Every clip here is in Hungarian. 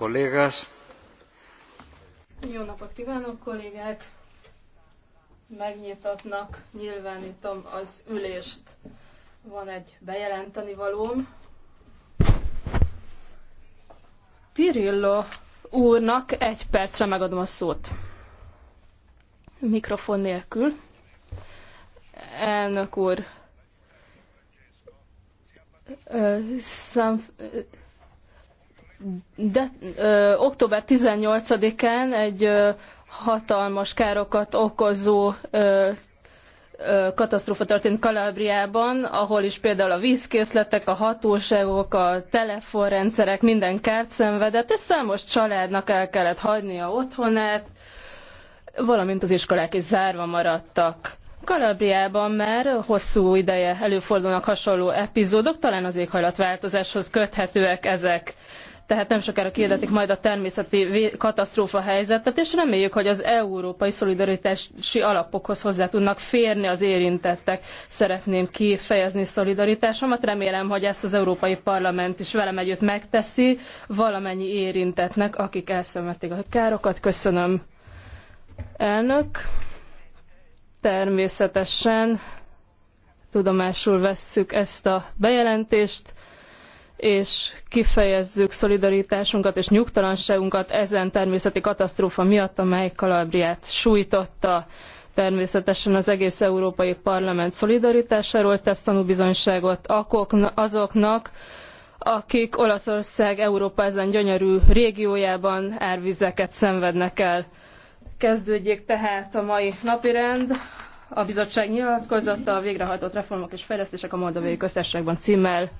kollégás! Jó napot kívánok, kollégák! Megnyitatnak, nyilvánítom az ülést. Van egy bejelenteni valóm. Pirillo úrnak egy percre megadom a szót. Mikrofon nélkül. Elnök úr, San, de, ö, október 18-án egy ö, hatalmas károkat okozó ö, katasztrófa történt Kalábriában, ahol is például a vízkészletek, a hatóságok, a telefonrendszerek minden kárt szenvedett, és számos családnak el kellett hagyni a otthonát, valamint az iskolák is zárva maradtak. Kalabriában már hosszú ideje előfordulnak hasonló epizódok, talán az éghajlatváltozáshoz köthetőek ezek tehát nem sokára kérdetik majd a természeti katasztrófa helyzetet, és reméljük, hogy az európai szolidaritási alapokhoz hozzá tudnak férni az érintettek. Szeretném kifejezni szolidaritásomat, remélem, hogy ezt az Európai Parlament is velem együtt megteszi valamennyi érintetnek, akik elszenvedték a károkat. Köszönöm, elnök. Természetesen tudomásul vesszük ezt a bejelentést és kifejezzük szolidaritásunkat és nyugtalanságunkat ezen természeti katasztrófa miatt, amely Kalabriát sújtotta. Természetesen az egész Európai Parlament szolidaritásáról tesz tanúbizonyságot azoknak, akik Olaszország Európa ezen gyönyörű régiójában árvizeket szenvednek el. Kezdődjék tehát a mai napirend. A bizottság nyilatkozata a végrehajtott reformok és fejlesztések a Moldovai Köztársaságban címmel.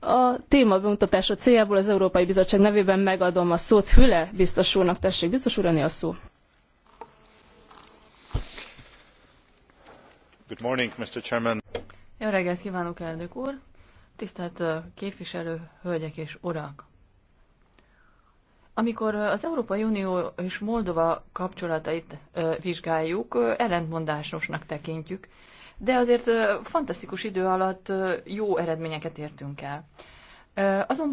A téma bemutatása céljából az Európai Bizottság nevében megadom a szót Füle biztos úrnak. Tessék, biztos úr, a szó. Good morning, Mr. Chairman. Jó reggelt kívánok, elnök úr! Tisztelt képviselő, hölgyek és urak! Amikor az Európai Unió és Moldova kapcsolatait vizsgáljuk, ellentmondásosnak tekintjük, de azért fantasztikus idő alatt jó eredményeket értünk el. Azonban